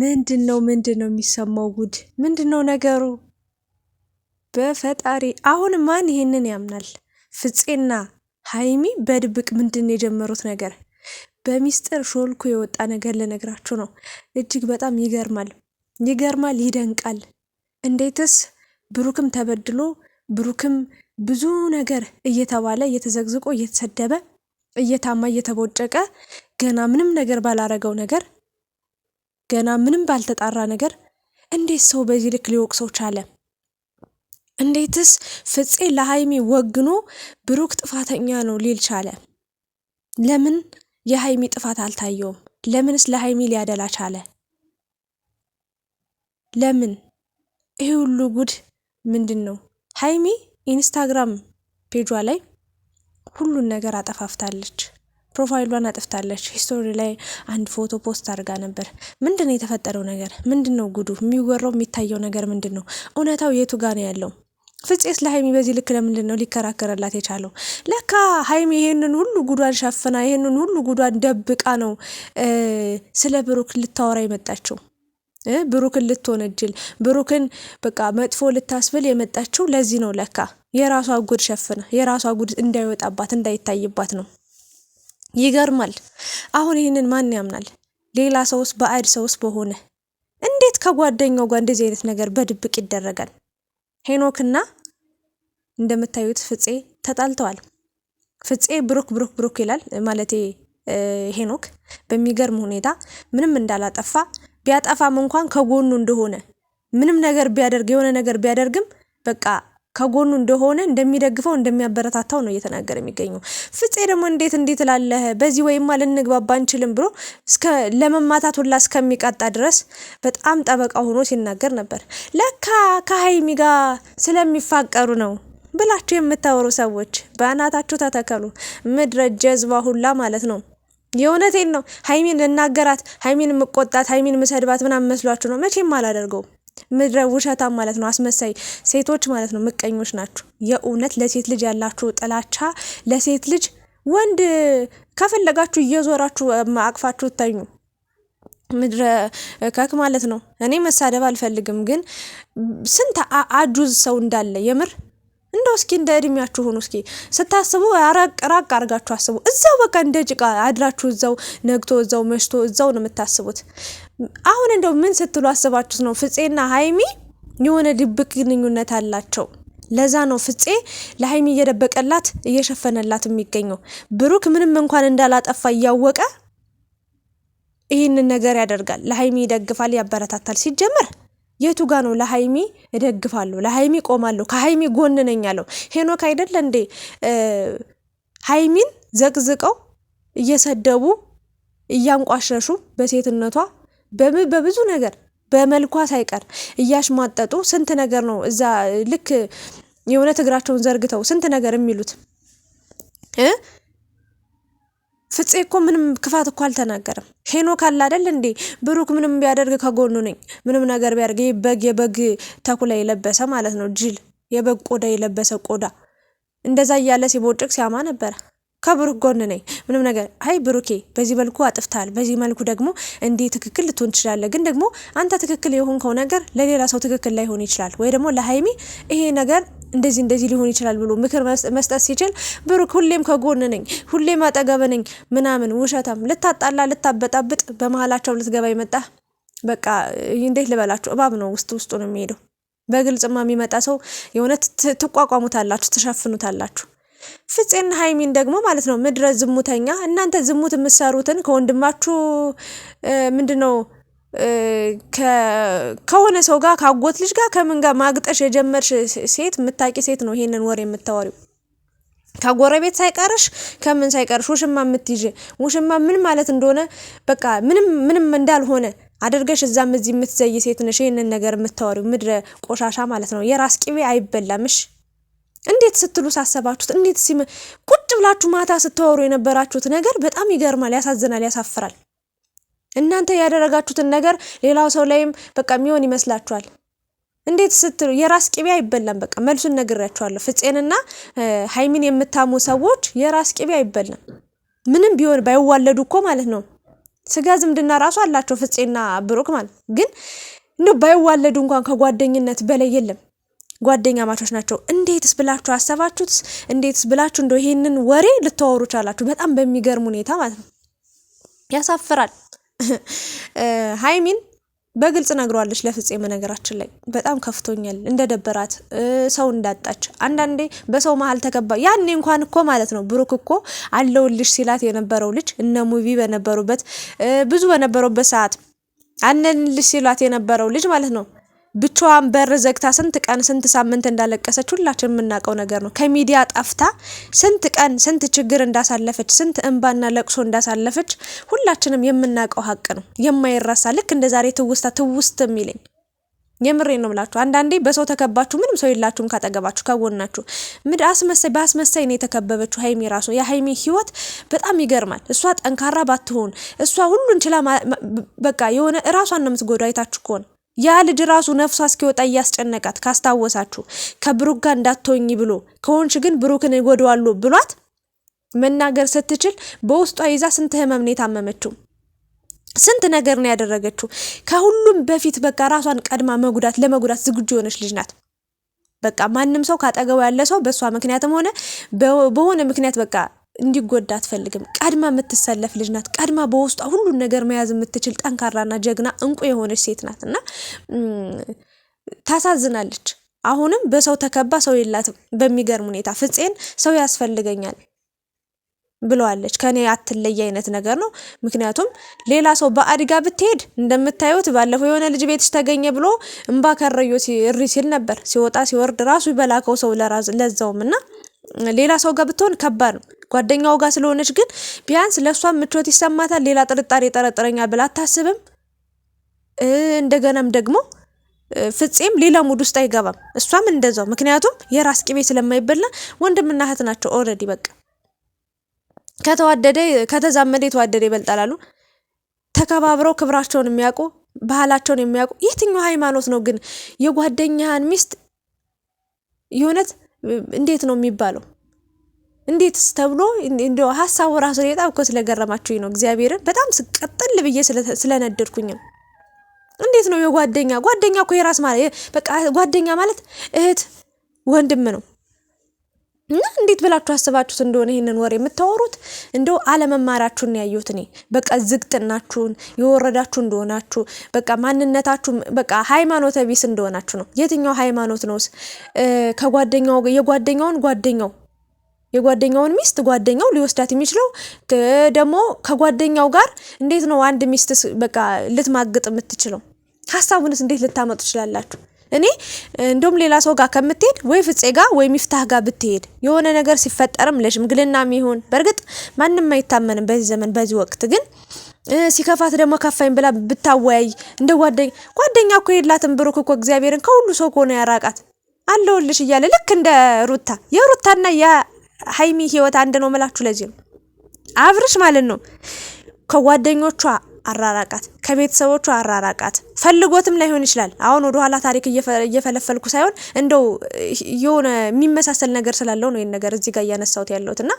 ምንድን ነው ምንድን ነው የሚሰማው ጉድ? ምንድን ነው ነገሩ? በፈጣሪ አሁን ማን ይሄንን ያምናል? ፍፄና ሀይሚ በድብቅ ምንድን የጀመሩት ነገር? በሚስጥር ሾልኩ የወጣ ነገር ልነግራችሁ ነው። እጅግ በጣም ይገርማል፣ ይገርማል፣ ይደንቃል። እንዴትስ ብሩክም ተበድሎ ብሩክም ብዙ ነገር እየተባለ እየተዘግዝቆ እየተሰደበ እየታማ እየተቦጨቀ ገና ምንም ነገር ባላረገው ነገር ገና ምንም ባልተጣራ ነገር እንዴት ሰው በዚህ ልክ ሊወቅሰው ቻለ? እንዴትስ ፍፄ ለሀይሚ ወግኖ ብሩክ ጥፋተኛ ነው ሊል ቻለ? ለምን የሀይሚ ጥፋት አልታየውም? ለምንስ ለሀይሚ ሊያደላ ቻለ? ለምን ይህ ሁሉ ጉድ ምንድን ነው? ሀይሚ ኢንስታግራም ፔጇ ላይ ሁሉን ነገር አጠፋፍታለች። ፕሮፋይሏን አጥፍታለች። ሂስቶሪ ላይ አንድ ፎቶ ፖስት አድርጋ ነበር። ምንድን ነው የተፈጠረው ነገር? ምንድን ነው ጉዱ? የሚወራው የሚታየው ነገር ምንድን ነው? እውነታው የቱ ጋር ነው ያለው? ፍጼስ ለሀይሚ በዚህ ልክ ለምንድን ነው ሊከራከርላት የቻለው? ለካ ሀይሚ ይሄንን ሁሉ ጉዷን ሸፍና ይሄንን ሁሉ ጉዷን ደብቃ ነው ስለ ብሩክ ልታወራ የመጣችው። ብሩክን ልትወነጅል፣ ብሩክን በቃ መጥፎ ልታስብል የመጣችው ለዚህ ነው። ለካ የራሷ ጉድ ሸፍና የራሷ ጉድ እንዳይወጣባት እንዳይታይባት ነው። ይገርማል። አሁን ይህንን ማን ያምናል? ሌላ ሰውስ በአድ ሰውስ በሆነ እንዴት ከጓደኛው ጋር እንደዚህ አይነት ነገር በድብቅ ይደረጋል? ሄኖክና እንደምታዩት ፍፄ ተጣልተዋል። ፍፄ ብሩክ ብሩክ ብሩክ ይላል ማለት ሄኖክ በሚገርም ሁኔታ ምንም እንዳላጠፋ ቢያጠፋም እንኳን ከጎኑ እንደሆነ ምንም ነገር ቢያደርግ የሆነ ነገር ቢያደርግም በቃ ከጎኑ እንደሆነ እንደሚደግፈው እንደሚያበረታታው ነው እየተናገረ የሚገኘው። ፍፄ ደግሞ እንዴት እንዴት ላለህ በዚህ ወይማ ልንግባባ አንችልም ብሎ እስከ ለመማታት ሁላ እስከሚቃጣ ድረስ በጣም ጠበቃ ሆኖ ሲናገር ነበር። ለካ ከሀይሚ ጋር ስለሚፋቀሩ ነው ብላችሁ የምታወሩ ሰዎች በአናታችሁ ተተከሉ። ምድረ ጀዝባ ሁላ ማለት ነው። የእውነቴን ነው። ሀይሚን ልናገራት፣ ሀይሚን ምቆጣት፣ ሀይሚን ምሰድባት ምናምን መስሏችሁ ነው። መቼም አላደርገውም። ምድረ ውሸታም ማለት ነው፣ አስመሳይ ሴቶች ማለት ነው፣ ምቀኞች ናቸው። የእውነት ለሴት ልጅ ያላችሁ ጥላቻ ለሴት ልጅ ወንድ ከፈለጋችሁ እየዞራችሁ አቅፋችሁ ተኙ። ምድረ ከክ ማለት ነው። እኔ መሳደብ አልፈልግም፣ ግን ስንት አጁዝ ሰው እንዳለ የምር እንደው እስኪ እንደ እድሜያችሁ ሆኑ። እስኪ ስታስቡ ራቅ ራቅ አርጋችሁ አስቡ። እዛው በቃ እንደ ጭቃ አድራችሁ እዛው ነግቶ እዛው መሽቶ እዛው ነው የምታስቡት። አሁን እንደው ምን ስትሉ አስባችሁት ነው? ፍፄና ሀይሚ የሆነ ድብቅ ግንኙነት አላቸው። ለዛ ነው ፍፄ ለሀይሚ እየደበቀላት እየሸፈነላት የሚገኘው። ብሩክ ምንም እንኳን እንዳላጠፋ እያወቀ ይህንን ነገር ያደርጋል። ለሀይሚ ይደግፋል፣ ያበረታታል። ሲጀመር የቱ ጋ ነው ለሀይሚ እደግፋለሁ፣ ለሀይሚ ቆማለሁ፣ ከሀይሚ ጎን ነኝ ያለው ሄኖክ አይደለ እንዴ? ሀይሚን ዘቅዝቀው እየሰደቡ እያንቋሸሹ በሴትነቷ በብዙ ነገር በመልኳ ሳይቀር እያሽሟጠጡ ስንት ነገር ነው እዛ ልክ የእውነት እግራቸውን ዘርግተው ስንት ነገር የሚሉት እ ፍፄ እኮ ምንም ክፋት እኮ አልተናገረም። ሄኖክ አለ አይደል እንዴ ብሩክ ምንም ቢያደርግ ከጎኑ ነኝ። ምንም ነገር ቢያደርግ በግ የበግ ተኩላ የለበሰ ማለት ነው ጅል የበግ ቆዳ የለበሰ ቆዳ እንደዛ እያለ ሲቦጭቅ ሲያማ ነበረ። ከብሩክ ጎን ነኝ። ምንም ነገር አይ ብሩኬ በዚህ መልኩ አጥፍታል፣ በዚህ መልኩ ደግሞ እንዲህ ትክክል ልትሆን ትችላለህ። ግን ደግሞ አንተ ትክክል የሆንከው ነገር ለሌላ ሰው ትክክል ላይሆን ይችላል፣ ወይ ደግሞ ለሀይሚ ይሄ ነገር እንደዚህ እንደዚህ ሊሆን ይችላል ብሎ ምክር መስጠት ሲችል ብሩክ ሁሌም ከጎን ነኝ፣ ሁሌም አጠገብ ነኝ ምናምን ውሸታም ልታጣላ ልታበጣብጥ በመሀላቸው ልትገባ ይመጣ በቃ እንዴት ልበላችሁ፣ እባብ ነው ውስጥ ውስጡ ነው የሚሄደው። በግልጽማ የሚመጣ ሰው የእውነት ትቋቋሙታላችሁ፣ ትሸፍኑታላችሁ። ፍፄና ሀይሚን ደግሞ ማለት ነው ምድረ ዝሙተኛ እናንተ ዝሙት የምትሰሩትን ከወንድማችሁ ምንድን ነው ከሆነ ሰው ጋር ካጎት ልጅ ጋር ከምን ጋር ማግጠሽ የጀመርሽ ሴት የምታቂ ሴት ነው ይሄንን ወሬ የምታወሪው። ከጎረቤት ሳይቀርሽ ከምን ሳይቀርሽ ውሽማ የምትይዥ ውሽማ ምን ማለት እንደሆነ በቃ ምንም ምንም እንዳልሆነ አድርገሽ እዛም እዚህ የምትዘይ ሴት ነሽ ይህንን ነገር የምታወሪው ምድረ ቆሻሻ ማለት ነው። የራስ ቂቤ አይበላምሽ። እንዴት ስትሉ ሳሰባችሁት? እንዴት ሲም ቁጭ ብላችሁ ማታ ስታወሩ የነበራችሁት ነገር በጣም ይገርማል፣ ያሳዝናል፣ ያሳፍራል። እናንተ ያደረጋችሁትን ነገር ሌላው ሰው ላይም በቃ የሚሆን ይመስላችኋል። እንዴት ስትሉ የራስ ቅቤ አይበላም። በቃ መልሱን ነግሬያችኋለሁ። ፍፄንና ሀይሚን የምታሙ ሰዎች የራስ ቅቤ አይበላም። ምንም ቢሆን ባይዋለዱ እኮ ማለት ነው። ስጋ ዝምድና ራሱ አላቸው ፍፄና ብሩክ ማለት ግን እንደው ባይዋለዱ እንኳን ከጓደኝነት በላይ የለም። ጓደኛ ማቾች ናቸው። እንዴትስ ብላችሁ አሰባችሁት እንዴትስ ብላችሁ እንደው ይሄንን ወሬ ልታወሩ ቻላችሁ? በጣም በሚገርም ሁኔታ ማለት ነው። ያሳፍራል። ሀይሚን በግልጽ ነግሯለች ለፍፄ። በነገራችን ላይ በጣም ከፍቶኛል እንደ ደበራት ሰው እንዳጣች አንዳንዴ በሰው መሀል ተከባ ያኔ እንኳን እኮ ማለት ነው ብሩክ እኮ አለውልሽ ሲላት የነበረው ልጅ እነ ሙቪ በነበሩበት ብዙ በነበሩበት ሰዓት ልጅ ሲላት የነበረው ልጅ ማለት ነው ብቻዋን በር ዘግታ ስንት ቀን ስንት ሳምንት እንዳለቀሰች ሁላችን የምናውቀው ነገር ነው። ከሚዲያ ጠፍታ ስንት ቀን ስንት ችግር እንዳሳለፈች ስንት እንባና ለቅሶ እንዳሳለፈች ሁላችንም የምናውቀው ሀቅ ነው፣ የማይረሳ ልክ እንደ ዛሬ ትውስታ ትውስት የሚለኝ የምሬ ነው ብላችሁ አንዳንዴ በሰው ተከባችሁ ምንም ሰው የላችሁም ካጠገባችሁ ከጎናችሁ ምድ አስመሳይ በአስመሳይ ነው የተከበበችው ሀይሚ ራሱ የሀይሜ ህይወት በጣም ይገርማል እሷ ጠንካራ ባትሆን እሷ ሁሉን ችላ በቃ የሆነ እራሷን ነው የምትጎዳ አይታችሁ ከሆነ ያ ልጅ ራሱ ነፍሷ እስኪወጣ እያስጨነቃት ካስታወሳችሁ ከብሩክ ጋር እንዳትሆኝ ብሎ ከሆንሽ ግን ብሩክን ይጎዳዋሉ ብሏት መናገር ስትችል በውስጧ ይዛ ስንት ህመም ነው የታመመችው። ስንት ነገር ነው ያደረገችው። ከሁሉም በፊት በቃ ራሷን ቀድማ መጉዳት ለመጉዳት ዝግጁ የሆነች ልጅ ናት። በቃ ማንም ሰው ካጠገቡ ያለ ሰው በእሷ ምክንያትም ሆነ በሆነ ምክንያት በቃ እንዲጎዳ አትፈልግም። ቀድማ የምትሰለፍ ልጅ ናት። ቀድማ በውስጧ ሁሉን ነገር መያዝ የምትችል ጠንካራና ጀግና እንቁ የሆነች ሴት ናት እና ታሳዝናለች። አሁንም በሰው ተከባ ሰው የላትም። በሚገርም ሁኔታ ፍፄን ሰው ያስፈልገኛል ብለዋለች። ከኔ አትለይ አይነት ነገር ነው። ምክንያቱም ሌላ ሰው በአድጋ ብትሄድ እንደምታዩት ባለፈው የሆነ ልጅ ቤትሽ ተገኘ ብሎ እምባ ከረዮ እሪ ሲል ነበር። ሲወጣ ሲወርድ ራሱ በላከው ሰው ለዛውም እና ሌላ ሰው ጋር ብትሆን ከባድ ነው። ጓደኛው ጋር ስለሆነች ግን ቢያንስ ለእሷ ምቾት ይሰማታል። ሌላ ጥርጣሬ ጠረጥረኛ ብላ አታስብም። እንደገናም ደግሞ ፍፄም ሌላ ሙድ ውስጥ አይገባም፣ እሷም እንደዛው። ምክንያቱም የራስ ቅቤ ስለማይበላ ወንድምና እህት ናቸው። ኦልሬዲ በቃ ከተዋደደ ከተዛመደ የተዋደደ ይበልጣላሉ። ተከባብረው ክብራቸውን የሚያውቁ ባህላቸውን የሚያውቁ የትኛው ሃይማኖት ነው ግን የጓደኛህን ሚስት የእውነት እንዴት ነው የሚባለው? እንዴትስ ተብሎ እንደው ሀሳቡ ራሱ በጣም እኮ ስለገረማችሁኝ ነው። እግዚአብሔርን በጣም ስቀጥል ብዬ ስለነደድኩኝ ነው። እንዴት ነው የጓደኛ ጓደኛ እኮ የራስ ማለት በቃ ጓደኛ ማለት እህት ወንድም ነው። እና እንዴት ብላችሁ አስባችሁት እንደሆነ ይህንን ወሬ የምታወሩት እንደው አለመማራችሁን ያየሁት እኔ በቃ ዝግጥናችሁን የወረዳችሁ እንደሆናችሁ በቃ ማንነታችሁ በቃ ሃይማኖተ ቢስ እንደሆናችሁ ነው። የትኛው ሃይማኖት ነውስ? ከጓደኛው የጓደኛውን ጓደኛው የጓደኛውን ሚስት ጓደኛው ሊወስዳት የሚችለው ደግሞ ከጓደኛው ጋር እንዴት ነው አንድ ሚስት በቃ ልትማግጥ የምትችለው? ሀሳቡንስ እንዴት ልታመጡ ትችላላችሁ? እኔ እንደውም ሌላ ሰው ጋር ከምትሄድ ወይ ፍጼ ጋር ወይ ሚፍታህ ጋር ብትሄድ የሆነ ነገር ሲፈጠርም ለሽምግልና ይሁን በእርግጥ ማንም አይታመንም በዚህ ዘመን በዚህ ወቅት ግን ሲከፋት ደግሞ ከፋኝ ብላ ብታወያይ እንደ ጓደኛ ጓደኛ እኮ የላትም ብሩክ እኮ እግዚአብሔርን ከሁሉ ሰው ከሆነ ያራቃት አለውልሽ እያለ ልክ እንደ ሩታ የሩታና የሀይሚ ህይወት አንድ ነው ምላችሁ ለዚህ ነው አብርሽ ማለት ነው ከጓደኞቿ አራራቃት፣ ከቤተሰቦቹ አራራቃት። ፈልጎትም ላይሆን ይችላል። አሁን ወደ ኋላ ታሪክ እየፈለፈልኩ ሳይሆን እንደው የሆነ የሚመሳሰል ነገር ስላለው ነው ይህን ነገር እዚህ ጋር እያነሳሁት ያለሁት እና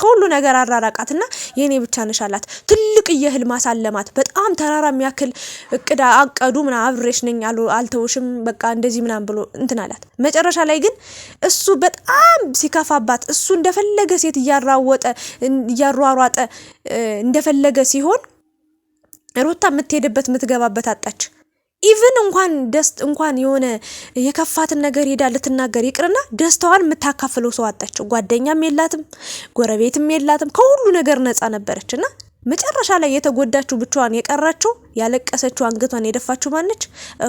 ከሁሉ ነገር አራራቃትና የኔ ብቻ ነሽ አላት። ትልቅ የህልም አሳለማት። በጣም ተራራ የሚያክል እቅድ አቀዱ። ምና አብሬሽ ነኝ አልተውሽም፣ በቃ እንደዚህ ምናም ብሎ እንትን አላት። መጨረሻ ላይ ግን እሱ በጣም ሲከፋባት፣ እሱ እንደፈለገ ሴት እያራወጠ እያሯሯጠ እንደፈለገ ሲሆን ሩታ የምትሄድበት የምትገባበት አጣች። ኢቭን እንኳን ደስ እንኳን የሆነ የከፋትን ነገር ሄዳ ልትናገር ይቅርና ደስታዋን የምታካፍለው ሰው አጣች። ጓደኛም የላትም፣ ጎረቤትም የላትም። ከሁሉ ነገር ነፃ ነበረች እና መጨረሻ ላይ የተጎዳችው ብቻዋን የቀራችው ያለቀሰችው አንገቷን የደፋችው ማነች?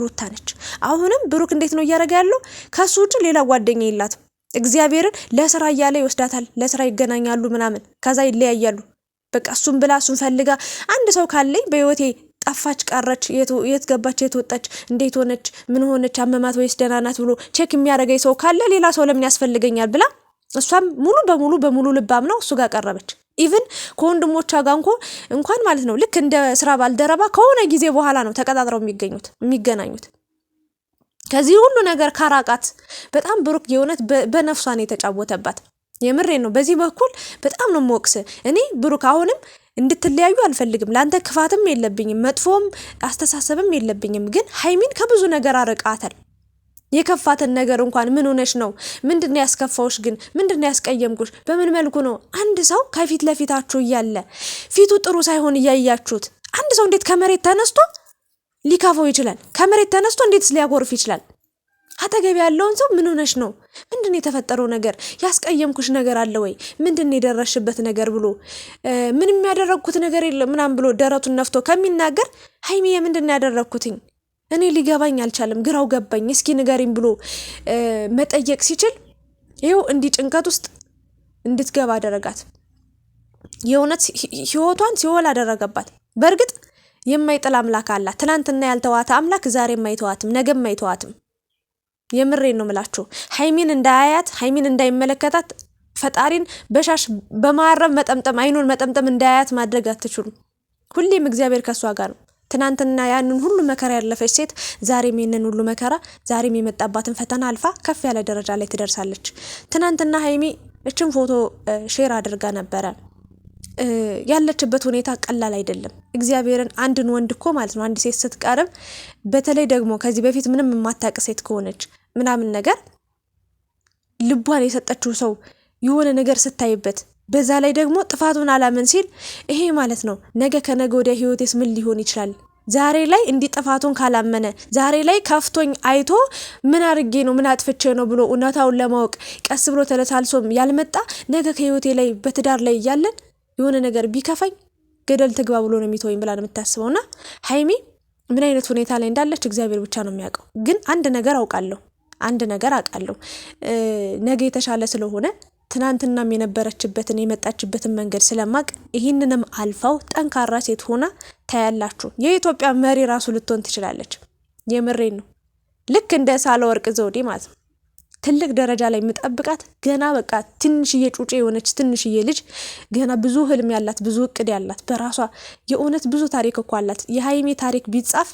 ሩታ ነች። አሁንም ብሩክ እንዴት ነው እያደረገ ያለው? ከሱ ውጭ ሌላ ጓደኛ የላትም። እግዚአብሔርን ለስራ እያለ ይወስዳታል፣ ለስራ ይገናኛሉ ምናምን፣ ከዛ ይለያያሉ። በቃ እሱን ብላ እሱን ፈልጋ አንድ ሰው ካለኝ በህይወቴ ጠፋች፣ ቀረች፣ የት ገባች፣ የት ወጣች፣ እንዴት ሆነች፣ ምን ሆነች፣ አመማት ወይስ ደህና ናት ብሎ ቼክ የሚያደርገኝ ሰው ካለ ሌላ ሰው ለምን ያስፈልገኛል ብላ እሷም ሙሉ በሙሉ በሙሉ ልባም ነው እሱ ጋር ቀረበች። ኢቭን ከወንድሞቿ ጋር እንኳ እንኳን ማለት ነው ልክ እንደ ስራ ባልደረባ ከሆነ ጊዜ በኋላ ነው ተቀጣጥረው የሚገኙት የሚገናኙት። ከዚህ ሁሉ ነገር ካራቃት በጣም ብሩክ የእውነት በነፍሷን የተጫወተባት የምሬ ነው። በዚህ በኩል በጣም ነው ሞቅስ። እኔ ብሩክ። አሁንም እንድትለያዩ አልፈልግም። ለአንተ ክፋትም የለብኝም፣ መጥፎም አስተሳሰብም የለብኝም። ግን ሀይሚን ከብዙ ነገር አርቃታል። የከፋትን ነገር እንኳን ምን ሆነሽ ነው? ምንድን ያስከፋውሽ? ግን ምንድን ያስቀየምኩሽ? በምን መልኩ ነው? አንድ ሰው ከፊት ለፊታችሁ እያለ ፊቱ ጥሩ ሳይሆን እያያችሁት አንድ ሰው እንዴት ከመሬት ተነስቶ ሊከፋው ይችላል? ከመሬት ተነስቶ እንዴትስ ሊያጎርፍ ይችላል? አጠገብ ያለውን ሰው ምን ሆነሽ ነው? ምንድን የተፈጠረው ነገር? ያስቀየምኩሽ ነገር አለ ወይ? ምንድን የደረስሽበት ነገር ብሎ ምን የሚያደረግኩት ነገር የለም ምናምን ብሎ ደረቱን ነፍቶ ከሚናገር ሀይሚ ምንድን ያደረግኩትኝ እኔ ሊገባኝ አልቻለም፣ ግራው ገባኝ፣ እስኪ ንገሪኝ ብሎ መጠየቅ ሲችል ይኸው እንዲህ ጭንቀት ውስጥ እንድትገባ አደረጋት። የእውነት ህይወቷን ሲወል አደረገባት። በእርግጥ የማይጥል አምላክ አላት። ትናንትና ያልተዋተ አምላክ ዛሬም አይተዋትም፣ ነገም አይተዋትም። የምሬን ነው ምላችሁ። ሀይሚን እንዳያያት ሀይሚን እንዳይመለከታት ፈጣሪን በሻሽ በማረብ መጠምጠም አይኑን መጠምጠም እንዳያያት ማድረግ አትችሉም። ሁሌም እግዚአብሔር ከእሷ ጋር ነው። ትናንትና ያንን ሁሉ መከራ ያለፈች ሴት ዛሬም ይህንን ሁሉ መከራ ዛሬም የመጣባትን ፈተና አልፋ ከፍ ያለ ደረጃ ላይ ትደርሳለች። ትናንትና ሀይሚ እችን ፎቶ ሼር አድርጋ ነበረ። ያለችበት ሁኔታ ቀላል አይደለም። እግዚአብሔርን አንድን ወንድ እኮ ማለት ነው አንድ ሴት ስትቀርብ፣ በተለይ ደግሞ ከዚህ በፊት ምንም የማታቅ ሴት ከሆነች ምናምን ነገር ልቧን የሰጠችው ሰው የሆነ ነገር ስታይበት፣ በዛ ላይ ደግሞ ጥፋቱን አላምን ሲል ይሄ ማለት ነው ነገ ከነገ ወዲያ ህይወቴስ ምን ሊሆን ይችላል? ዛሬ ላይ እንዲህ ጥፋቱን ካላመነ ዛሬ ላይ ከፍቶኝ አይቶ ምን አድርጌ ነው ምን አጥፍቼ ነው ብሎ እውነታውን ለማወቅ ቀስ ብሎ ተለሳልሶም ያልመጣ ነገ ከህይወቴ ላይ በትዳር ላይ እያለን የሆነ ነገር ቢከፋኝ ገደል ትግባ ብሎ ነው የሚተወኝ ብላ ነው የምታስበው። እና ሀይሚ ምን አይነት ሁኔታ ላይ እንዳለች እግዚአብሔር ብቻ ነው የሚያውቀው። ግን አንድ ነገር አውቃለሁ፣ አንድ ነገር አውቃለሁ። ነገ የተሻለ ስለሆነ ትናንትናም የነበረችበትን የመጣችበትን መንገድ ስለማቅ ይህንንም አልፋው ጠንካራ ሴት ሆና ታያላችሁ። የኢትዮጵያ መሪ ራሱ ልትሆን ትችላለች። የምሬን ነው። ልክ እንደ ወርቅ ዘውዴ ማለት ነው። ትልቅ ደረጃ ላይ የምጠብቃት ገና በቃ ትንሽዬ ጩጬ የሆነች ትንሽዬ ልጅ ገና ብዙ ህልም ያላት ብዙ እቅድ ያላት በራሷ የእውነት ብዙ ታሪክ እኮ አላት። የሀይሜ ታሪክ ቢጻፍ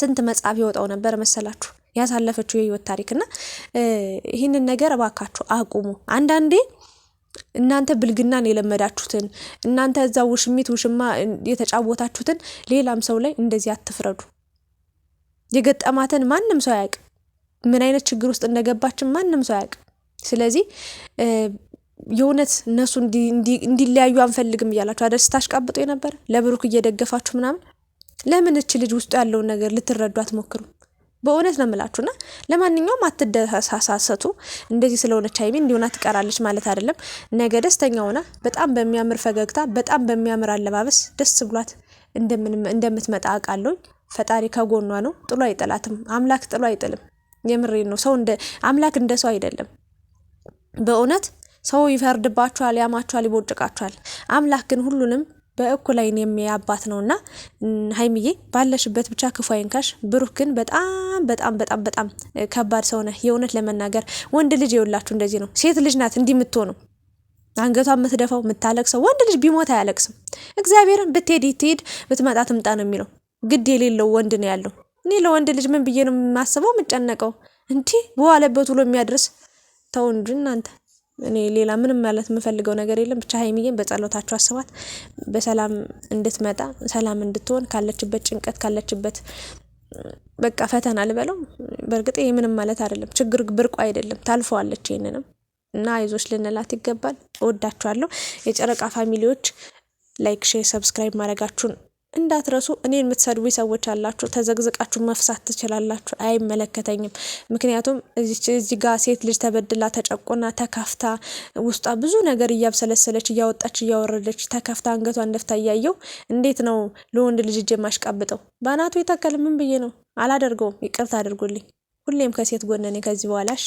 ስንት መጽሐፍ ይወጣው ነበር መሰላችሁ? ያሳለፈችው የህይወት ታሪክ እና ይህንን ነገር እባካችሁ አቁሙ። አንዳንዴ እናንተ ብልግናን የለመዳችሁትን እናንተ እዛ ውሽሚት ውሽማ የተጫወታችሁትን ሌላም ሰው ላይ እንደዚህ አትፍረዱ። የገጠማትን ማንም ሰው አያውቅም። ምን አይነት ችግር ውስጥ እንደገባችን ማንም ሰው ያውቅ። ስለዚህ የእውነት እነሱ እንዲለያዩ አንፈልግም እያላችሁ አደር ስታሽቃብጡ የነበረ ለብሩክ እየደገፋችሁ ምናምን ለምን እች ልጅ ውስጡ ያለውን ነገር ልትረዱ አትሞክሩም? በእውነት ነው የምላችሁና ለማንኛውም አትደሳሳሰቱ። እንደዚህ ስለሆነች ሀይሚ እንዲሆና ትቀራለች ማለት አይደለም። ነገ ደስተኛ ሆና በጣም በሚያምር ፈገግታ በጣም በሚያምር አለባበስ ደስ ብሏት እንደምትመጣ አውቃለሁ። ፈጣሪ ከጎኗ ነው፣ ጥሎ አይጥላትም። አምላክ ጥሎ አይጥልም። የምሬን ነው። ሰው እንደ አምላክ እንደ ሰው አይደለም። በእውነት ሰው ይፈርድባችኋል፣ ያማችኋል፣ ይቦጭቃችኋል። አምላክ ግን ሁሉንም በእኩል አይን የሚያባት ነውና ሀይሚዬ ባለሽበት ብቻ ክፉ አይንካሽ። ብሩክ ግን በጣም በጣም በጣም በጣም ከባድ ሰው ነህ። የእውነት ለመናገር ወንድ ልጅ የውላችሁ እንደዚህ ነው። ሴት ልጅ ናት እንዲህ የምትሆነው አንገቷ የምትደፋው የምታለቅሰው። ወንድ ልጅ ቢሞት አያለቅስም። እግዚአብሔርን ብትሄድ ትሄድ ብትመጣ ትምጣ ነው የሚለው። ግድ የሌለው ወንድ ነው ያለው። እኔ ለወንድ ልጅ ምን ብዬ ነው የማስበው የምጨነቀው? እንዲህ በዋለበት ውሎ የሚያድርስ ተው እንጂ እናንተ። እኔ ሌላ ምንም ማለት የምፈልገው ነገር የለም። ብቻ ሀይሚዬን በጸሎታችሁ አስባት፣ በሰላም እንድትመጣ ሰላም እንድትሆን ካለችበት ጭንቀት ካለችበት በቃ ፈተና ልበለው። በእርግጥ ይህ ምንም ማለት አይደለም፣ ችግር ብርቁ አይደለም፣ ታልፈዋለች። ይህንንም እና አይዞች ልንላት ይገባል። እወዳችኋለሁ የጨረቃ ፋሚሊዎች ላይክ፣ ሼር፣ ሰብስክራይብ ማድረጋችሁን እንዳትረሱ እኔን የምትሰድቡ ሰዎች አላችሁ፣ ተዘግዝቃችሁ መፍሳት ትችላላችሁ። አይመለከተኝም። ምክንያቱም እዚህ ጋር ሴት ልጅ ተበድላ ተጨቆና ተከፍታ ውስጧ ብዙ ነገር እያብሰለሰለች እያወጣች እያወረደች ተከፍታ አንገቷን እንደፍታ እያየው እንዴት ነው ለወንድ ልጅ እጅ የማሽቃብጠው? በአናቱ የተከል ምን ብዬ ነው? አላደርገውም። ይቅርታ አድርጉልኝ። ሁሌም ከሴት ጎነኔ ከዚህ በኋላሽ